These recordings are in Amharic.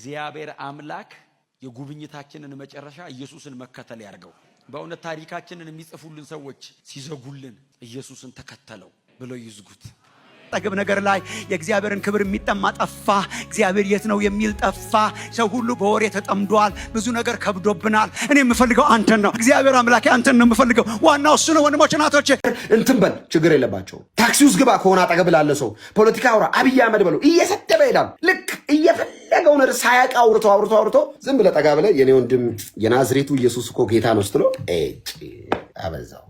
እግዚአብሔር አምላክ የጉብኝታችንን መጨረሻ ኢየሱስን መከተል ያርገው በእውነት ታሪካችንን የሚጽፉልን ሰዎች ሲዘጉልን ኢየሱስን ተከተለው ብለው ይዝጉት። ጠግብ ነገር ላይ የእግዚአብሔርን ክብር የሚጠማ ጠፋ። እግዚአብሔር የት ነው የሚል ጠፋ። ሰው ሁሉ በወሬ ተጠምዷል። ብዙ ነገር ከብዶብናል። እኔ የምፈልገው አንተን ነው፣ እግዚአብሔር አምላኬ አንተን ነው የምፈልገው። ዋናው እሱ ነው። ወንድሞች ናቶች፣ እንትን በል ችግር የለባቸው። ታክሲ ውስጥ ግባ ከሆነ አጠገብ ላለ ሰው ፖለቲካ አውራ፣ አብይ አህመድ በለው እየሰደበ ይሄዳል። ልክ እየፈለ የፈለገውን ርዕስ ሳያውቅ አውርቶ አውርቶ አውርቶ ዝም ብለህ ጠጋ ብለህ የኔ ወንድም የናዝሬቱ ኢየሱስ እኮ ጌታ ነው ስትሎ አበዛው።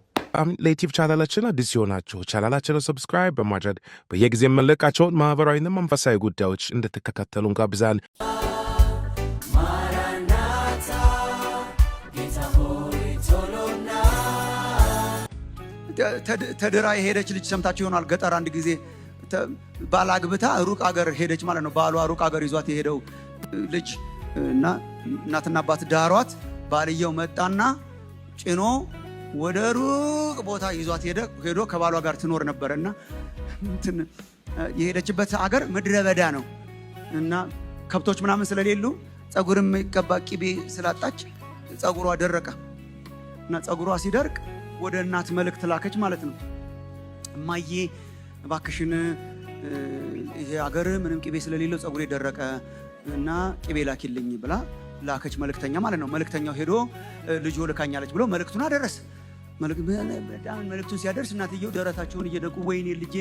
ለዩቲዩብ ቻናላችን አዲስ ሲሆናችሁ ቻናላችንን ሰብስክራይብ በማድረግ በየጊዜ የምንለቃቸውን ማህበራዊና መንፈሳዊ ጉዳዮች እንድትከታተሉ እንጋብዛለን። ተድራ የሄደች ልጅ ሰምታችሁ ይሆናል ገጠር አንድ ጊዜ ባላግብታ ሩቅ አገር ሄደች ማለት ነው። ባሏ ሩቅ አገር ይዟት የሄደው ልጅ እና እናትና አባት ዳሯት። ባልየው መጣና ጭኖ ወደ ሩቅ ቦታ ይዟት ሄዶ ከባሏ ጋር ትኖር ነበረ እና የሄደችበት አገር ምድረ በዳ ነው እና ከብቶች ምናምን ስለሌሉ ፀጉርም የሚቀባ ቂቤ ስላጣች ፀጉሯ ደረቀ እና ጸጉሯ ሲደርቅ ወደ እናት መልእክት ላከች ማለት ነው። እማዬ እባክሽን ይሄ አገር ምንም ቅቤ ስለሌለው ጸጉሬ ደረቀ እና ቅቤ ላኪልኝ ብላ ላከች፣ መልእክተኛ ማለት ነው። መልእክተኛው ሄዶ ልጆ ልካኛለች ብሎ መልእክቱን አደረስ። መልእክቱን ሲያደርስ እናትየው ደረታቸውን እየደቁ ወይኔ ልጄ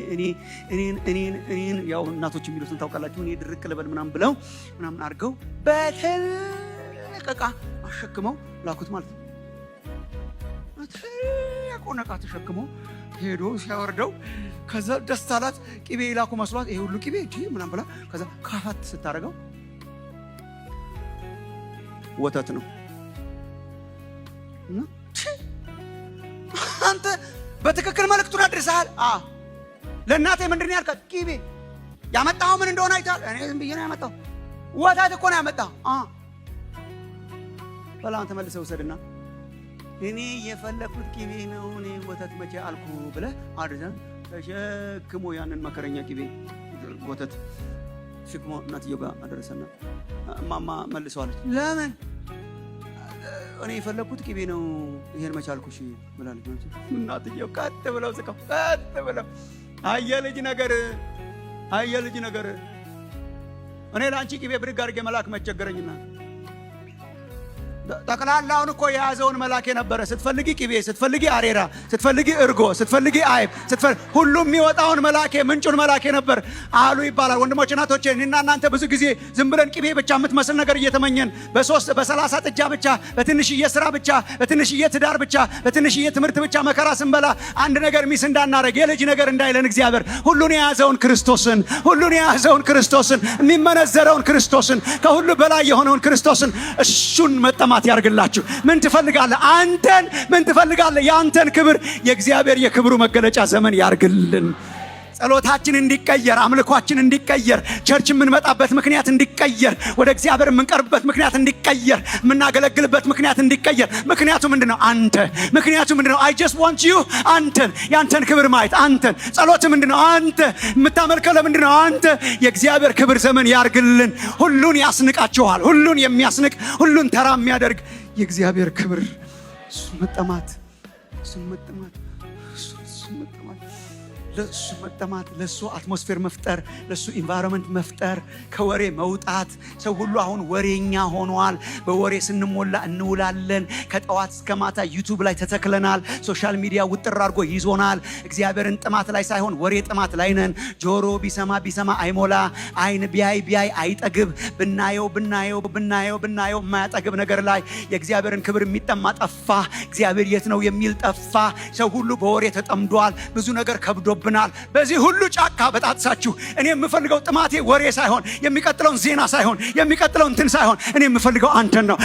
እኔን ያው እናቶች የሚሉትን ታውቃላችሁ፣ እኔ ድርቅ ልበል ምናምን ብለው ምናምን አድርገው በትልቅ ዕቃ አሸክመው ላኩት ማለት ነው። ትልቅ ዕቃ ተሸክመው ሄዶ ሲያወርደው ከዛ ደስ አላት። ቅቤ ላኩ መስሏት ይሄ ሁሉ ቅቤ እ ምናም ብላ ከዛ ካፋት ስታደርገው ወተት ነው። አንተ በትክክል መልእክቱን አድርሰሃል። ለእናቴ ምንድን ያልከት ቅቤ ያመጣው ምን እንደሆነ አይቷል እኔ ዝም ብዬ ነው ያመጣው ወተት እኮ ነው ያመጣ በላ አንተ ውሰድና እኔ የፈለግኩት ቂቤ ነው፣ እኔ ወተት መቼ አልኩ ብለህ አድዘን ተሸክሞ ያንን መከረኛ ቂቤ ወተት ሽክሞ እናትየው ጋር አደረሰና እማማ መልሰዋለች። ለምን እኔ የፈለግኩት ቂቤ ነው፣ ይሄን መቼ አልኩሽ ብላለች። እናትየው ቀጥ ብለው ስቀው ቀጥ ብለው አየ ልጅ ነገር አየ ልጅ ነገር እኔ ለአንቺ ቂቤ ብድግ አድርጌ መላክ መቸገረኝና ጠቅላላውን እኮ የያዘውን መላክ የነበረ ስትፈልጊ ቅቤ፣ ስትፈልጊ አሬራ፣ ስትፈልጊ እርጎ፣ ስትፈልጊ አይብ፣ ሁሉም የሚወጣውን መላኬ ምንጩን መላኬ ነበር አሉ ይባላል። ወንድሞች እናቶቼ፣ እኔና እናንተ ብዙ ጊዜ ዝም ብለን ቅቤ ብቻ የምትመስል ነገር እየተመኘን በሶስት በሰላሳ ጥጃ ብቻ፣ በትንሽዬ ስራ ብቻ፣ በትንሽዬ ትዳር ብቻ፣ በትንሽዬ ትምህርት ብቻ መከራ ስንበላ አንድ ነገር ሚስ እንዳናረግ የልጅ ነገር እንዳይለን እግዚአብሔር ሁሉን የያዘውን ክርስቶስን ሁሉን የያዘውን ክርስቶስን የሚመነዘረውን ክርስቶስን ከሁሉ በላይ የሆነውን ክርስቶስን እሱን መጠማት አባት ያርግላችሁ። ምን ትፈልጋለህ? አንተን ምን ትፈልጋለህ? የአንተን ክብር የእግዚአብሔር የክብሩ መገለጫ ዘመን ያርግልን። ጸሎታችን እንዲቀየር፣ አምልኳችን እንዲቀየር፣ ቸርች የምንመጣበት ምክንያት እንዲቀየር፣ ወደ እግዚአብሔር የምንቀርብበት ምክንያት እንዲቀየር፣ የምናገለግልበት ምክንያት እንዲቀየር። ምክንያቱ ምንድነው አንተ። ምክንያቱ ምንድነው? አይ ጀስት ዋንት ዩ አንተን፣ ያንተን ክብር ማየት አንተን። ጸሎት ምንድነው? አንተ። የምታመልከው ለምንድነው? አንተ። የእግዚአብሔር ክብር ዘመን ያርግልን። ሁሉን ያስንቃችኋል። ሁሉን የሚያስንቅ ሁሉን ተራ የሚያደርግ የእግዚአብሔር ክብር እሱ መጠማት እሱ መጠማት ለሱ መጠማት፣ ለሱ አትሞስፌር መፍጠር፣ ለሱ ኢንቫይሮንመንት መፍጠር፣ ከወሬ መውጣት። ሰው ሁሉ አሁን ወሬኛ ሆኗል። በወሬ ስንሞላ እንውላለን። ከጠዋት እስከ ማታ ዩቱብ ላይ ተተክለናል። ሶሻል ሚዲያ ውጥር አድርጎ ይዞናል። እግዚአብሔርን ጥማት ላይ ሳይሆን ወሬ ጥማት ላይ ነን። ጆሮ ቢሰማ ቢሰማ አይሞላ፣ አይን ቢያይ ቢያይ አይጠግብ፣ ብናየው ብናየው ብናየው ብናየው የማያጠግብ ነገር ላይ የእግዚአብሔርን ክብር የሚጠማ ጠፋ። እግዚአብሔር የት ነው የሚል ጠፋ። ሰው ሁሉ በወሬ ተጠምዷል። ብዙ ነገር ከብዶብን ይሆንብናል። በዚህ ሁሉ ጫካ በጣጥሳችሁ እኔ የምፈልገው ጥማቴ ወሬ ሳይሆን የሚቀጥለውን ዜና ሳይሆን የሚቀጥለውን እንትን ሳይሆን እኔ የምፈልገው አንተን ነው።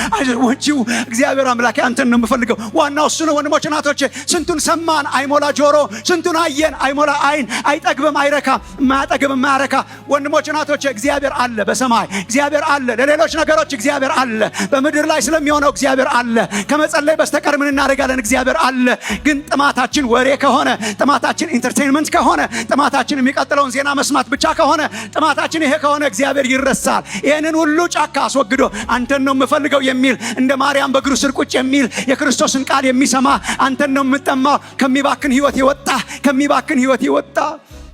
ወንቺው እግዚአብሔር አምላኬ አንተን ነው የምፈልገው። ዋናው እሱ ነው። ወንድሞች ናቶቼ፣ ስንቱን ሰማን አይሞላ ጆሮ፣ ስንቱን አየን አይሞላ አይን። አይጠግብም፣ አይረካ ማያጠግብም ማያረካ። ወንድሞች ናቶቼ፣ እግዚአብሔር አለ በሰማይ እግዚአብሔር አለ። ለሌሎች ነገሮች እግዚአብሔር አለ። በምድር ላይ ስለሚሆነው እግዚአብሔር አለ። ከመጸለይ በስተቀር ምን እናደርጋለን? እግዚአብሔር አለ። ግን ጥማታችን ወሬ ከሆነ ጥማታችን ኢንተርቴንመንት ድምፅ ከሆነ ጥማታችን የሚቀጥለውን ዜና መስማት ብቻ ከሆነ ጥማታችን ይሄ ከሆነ እግዚአብሔር ይረሳል። ይህንን ሁሉ ጫካ አስወግዶ አንተን ነው የምፈልገው የሚል እንደ ማርያም በእግሩ ስር ቁጭ የሚል የክርስቶስን ቃል የሚሰማ አንተን ነው የምጠማው ከሚባክን ህይወት የወጣ ከሚባክን ህይወት የወጣ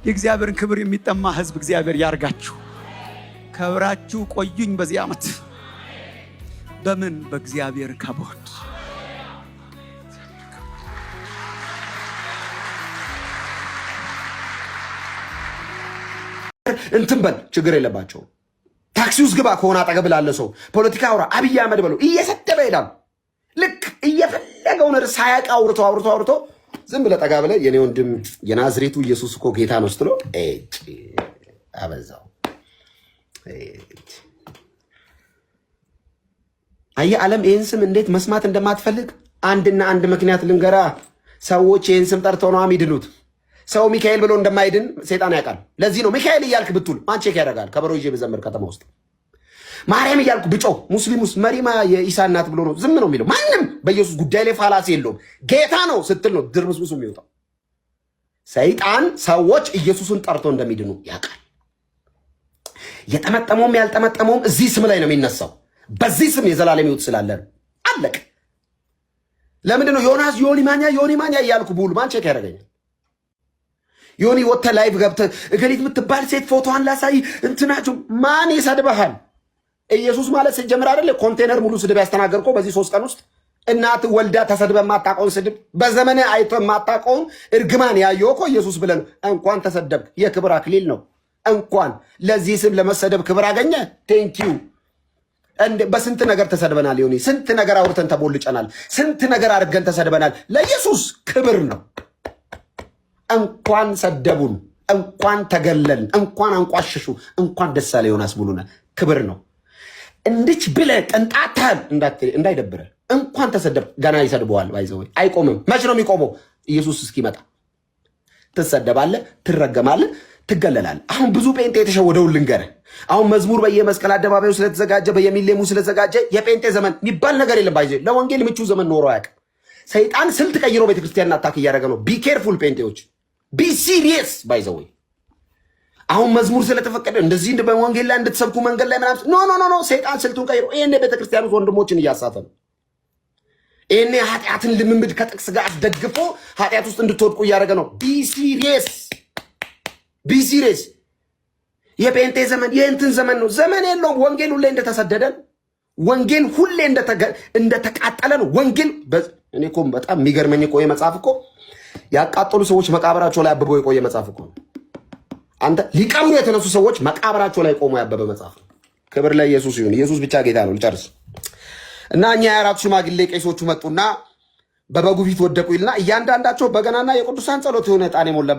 የእግዚአብሔርን ክብር የሚጠማ ህዝብ እግዚአብሔር ያርጋችሁ። ከብራችሁ ቆዩኝ በዚህ ዓመት በምን በእግዚአብሔር ከቦድ እንትን በል ችግር የለባቸው። ታክሲ ውስጥ ግባ ከሆነ አጠገብ ላለ ሰው ፖለቲካ አውራ፣ አብይ አህመድ በለው እየሰደበ ይሄዳል። ልክ እየፈለገው ነር ሳያቅ አውርቶ አውርቶ አውርቶ ዝም ብለ ጠጋ ብለ የኔ ወንድም የናዝሬቱ ኢየሱስ እኮ ጌታ ነው ስትለው አበዛው። አየ ዓለም ይህን ስም እንዴት መስማት እንደማትፈልግ አንድና አንድ ምክንያት ልንገራ። ሰዎች ይህን ስም ጠርቶ ነው የሚድኑት። ሰው ሚካኤል ብሎ እንደማይድን ሴጣን ያውቃል። ለዚህ ነው ሚካኤል እያልክ ብትውል ማን ቼክ ያደርጋል? ከበሮ ይዤ ብዘምር ከተማ ውስጥ ማርያም እያልኩ ብጮ ሙስሊም ውስጥ መሪማ የኢሳ እናት ብሎ ነው ዝም ነው የሚለው። ማንም በኢየሱስ ጉዳይ ላይ ፋላሲ የለውም። ጌታ ነው ስትል ነው ድርብስብሱ የሚወጣው። ሰይጣን ሰዎች ኢየሱስን ጠርቶ እንደሚድኑ ያውቃል። የጠመጠመውም ያልጠመጠመውም እዚህ ስም ላይ ነው የሚነሳው። በዚህ ስም የዘላለም ሕይወት ስላለ ነው። አለቅ። ለምንድን ነው ዮናስ ዮኒ ማኛ እያልኩ ብውል ማን ቼክ ያደርገኛል? የሆነ ወጥተህ ላይቭ ገብተህ እገሊት የምትባል ሴት ፎቶዋን ላሳይ እንትናችሁ ማን ይሰድበሃል? ኢየሱስ ማለት ስትጀምር አይደለ ኮንቴነር ሙሉ ስድብ ያስተናገርከው በዚህ ሶስት ቀን ውስጥ እናት ወልዳ ተሰድበ የማታውቀውን ስድብ በዘመነ አይቶ የማታውቀውን እርግማን ያየው እኮ ኢየሱስ ብለህ ነው። እንኳን ተሰደብክ፣ የክብር አክሊል ነው። እንኳን ለዚህ ስም ለመሰደብ ክብር አገኘ። ቴንኪዩ። በስንት ነገር ተሰድበናል። ይሁኔ ስንት ነገር አውርተን ተቦልጨናል። ስንት ነገር አድርገን ተሰድበናል። ለኢየሱስ ክብር ነው። እንኳን ሰደቡን፣ እንኳን ተገለልን፣ እንኳን አንቋሽሹ፣ እንኳን ደስ አለ ዮናስ ብሉና ክብር ነው። እንድች ብለ ቅንጣታል እንዳይደብረ እንኳን ተሰደብ ገና ይሰድበዋል። ባይዘወይ አይቆምም። መች ነው የሚቆመው? ኢየሱስ እስኪመጣ ትሰደባለ፣ ትረገማለ፣ ትገለላል። አሁን ብዙ ጴንጤ የተሸወደውን ልንገረ። አሁን መዝሙር በየመስቀል አደባባዩ ስለተዘጋጀ በየሚሌሙ ስለተዘጋጀ የጴንጤ ዘመን የሚባል ነገር የለም። ባይዘ ለወንጌል ምቹ ዘመን ኖሮ አያውቅም። ሰይጣን ስልት ቀይሮ ቤተክርስቲያን አታክ እያደረገ ነው። ቢኬርፉል ጴንጤዎች ቢ ሲሪየስ ባይ ዘ ወይ አሁን መዝሙር ስለተፈቀደ እንደዚህ እንደ በወንጌል ላይ እንድትሰብኩ መንገድ ላይ ምናምን ኖ ኖ ኖ ሰይጣን ስልቱን ቀይሮ ይህን ቤተክርስቲያን ውስጥ ወንድሞችን እያሳተ ነው። ይሄኔ ኃጢአትን ልምምድ ከጥቅስ ጋር አስደግፎ ኃጢአት ውስጥ እንድትወድቁ እያደረገ ነው። ቢ ሲሪየስ ቢ ሲሪየስ። የጴንጤ ዘመን የእንትን ዘመን ነው፣ ዘመን የለውም። ወንጌል ሁሌ እንደተሰደደ ወንጌል ሁሌ እንደተቃጠለ ነው። ወንጌል እኔ እኮ በጣም የሚገርመኝ እኮ ይሄ መጽሐፍ እኮ ያቃጠሉ ሰዎች መቃብራቸው ላይ አብበው የቆየ መጽሐፍ እኮ ነው። አንተ ሊቀሙ የተነሱ ሰዎች መቃብራቸው ላይ ቆሞ ያበበ መጽሐፍ ነው። ክብር ላይ ኢየሱስ ይሁን። ኢየሱስ ብቻ ጌታ ነው። ልጨርስ እና እኛ የአራቱ ሽማግሌ ቄሶቹ መጡና በበጉ ፊት ወደቁ ይልና እያንዳንዳቸው በገናና የቅዱሳን ጸሎት የሆነ ዕጣን የሞላ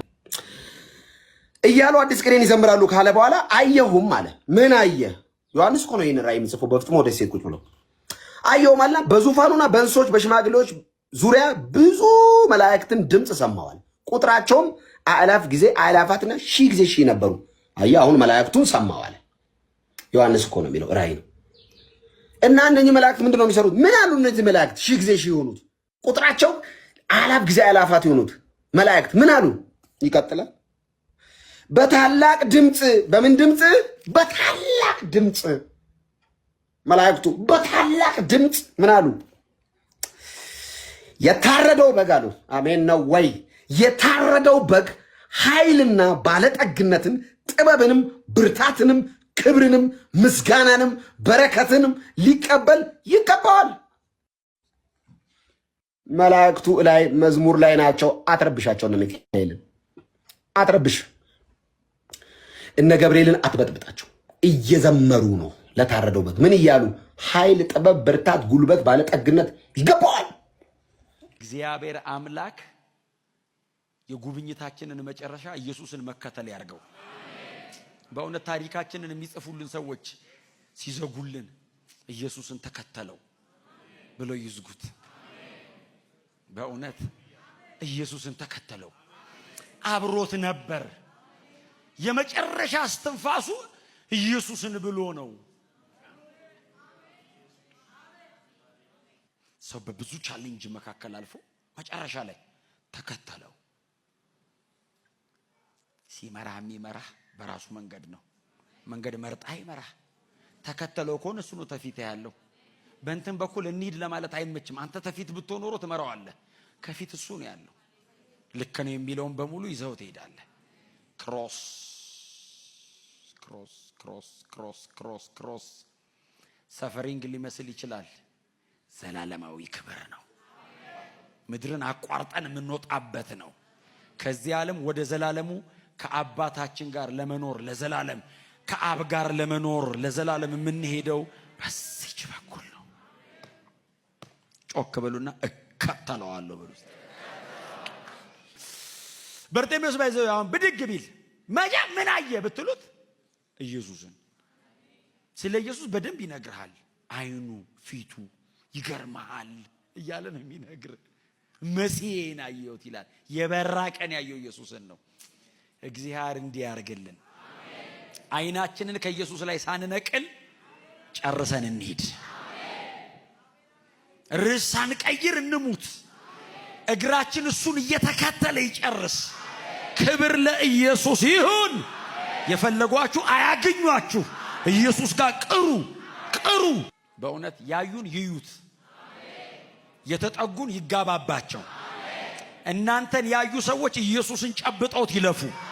እያሉ አዲስ ቅኔን ይዘምራሉ ካለ በኋላ አየሁም አለ። ምን አየ? ዮሐንስ እኮ ነው ይህን ራእይ የሚጽፈው። በፍጥሞ ወደ ሴት ቁጭ ብሎ አየሁም አለና በዙፋኑና በእንስሶች በሽማግሌዎች ዙሪያ ብዙ መላእክትን ድምፅ ሰማዋል። ቁጥራቸውም አእላፍ ጊዜ አእላፋትና ሺህ ጊዜ ሺህ ነበሩ። አየ አሁን መላእክቱን ሰማዋል። ዮሐንስ እኮ ነው የሚለው ራእይ ነው። እና እነኚህ መላእክት ምንድን ነው የሚሰሩት? ምን አሉ እነዚህ መላእክት ሺህ ጊዜ ሺህ የሆኑት ቁጥራቸው አላፍ ጊዜ አላፋት የሆኑት መላእክት ምን አሉ? ይቀጥላል። በታላቅ ድምፅ በምን ድምፅ? በታላቅ ድምፅ መላእክቱ በታላቅ ድምፅ ምን አሉ? የታረደው በግ አሉት። አሜን ነው ወይ? የታረደው በግ ኃይልና ባለጠግነትን ጥበብንም ብርታትንም ክብርንም ምስጋናንም በረከትንም ሊቀበል ይገባዋል። መላእክቱ ላይ መዝሙር ላይ ናቸው። አትረብሻቸው፣ እነ ሚካኤልን አትረብሽ፣ እነ ገብርኤልን አትበጥብጣቸው። እየዘመሩ ነው ለታረደው በግ ምን እያሉ ኃይል፣ ጥበብ፣ ብርታት፣ ጉልበት፣ ባለጠግነት ይገባዋል። እግዚአብሔር አምላክ የጉብኝታችንን መጨረሻ ኢየሱስን መከተል ያርገው። በእውነት ታሪካችንን የሚጽፉልን ሰዎች ሲዘጉልን ኢየሱስን ተከተለው ብለው ይዝጉት። በእውነት ኢየሱስን ተከተለው። አብሮት ነበር። የመጨረሻ እስትንፋሱ ኢየሱስን ብሎ ነው። ሰው በብዙ ቻሌንጅ መካከል አልፎ መጨረሻ ላይ ተከተለው። ሲመራ የሚመራህ በራሱ መንገድ ነው። መንገድ መርጣ ይመራህ። ተከተለው ከሆነ እሱ ነው ተፊት ያለው። በእንትን በኩል እንሂድ ለማለት አይመችም። አንተ ተፊት ብትሆን ኖሮ ትመራዋለህ። ከፊት እሱ ነው ያለው። ልክ ነው የሚለውን በሙሉ ይዘው ትሄዳለህ። ክሮስ ክሮስ ክሮስ ክሮስ ክሮስ ክሮስ ሰፈሪንግ ሊመስል ይችላል። ዘላለማዊ ክብር ነው። ምድርን አቋርጠን የምንወጣበት ነው። ከዚህ ዓለም ወደ ዘላለሙ ከአባታችን ጋር ለመኖር ለዘላለም ከአብ ጋር ለመኖር ለዘላለም የምንሄደው በዚች በኩል ነው። ጮክ በሉና እከተለዋለሁ በሉ። በርጤሜዎስ ባይዘው አሁን ብድግ ቢል መጀ ምን አየ ብትሉት ኢየሱስን። ስለ ኢየሱስ በደንብ ይነግርሃል። አይኑ ፊቱ ይገርመሃል እያለ ነው የሚነግር። መሲሄን አየሁት ይላል። የበራ ቀን ያየው ኢየሱስን ነው። እግዚአብሔር እንዲያርግልን አይናችንን ከኢየሱስ ላይ ሳንነቅል ጨርሰን እንሂድ። ርዕስ ሳንቀይር እንሙት። እግራችን እሱን እየተከተለ ይጨርስ። ክብር ለኢየሱስ ይሁን። የፈለጓችሁ አያገኟችሁ። ኢየሱስ ጋር ቅሩ ቅሩ። በእውነት ያዩን ይዩት፣ የተጠጉን ይጋባባቸው። እናንተን ያዩ ሰዎች ኢየሱስን ጨብጠውት ይለፉ።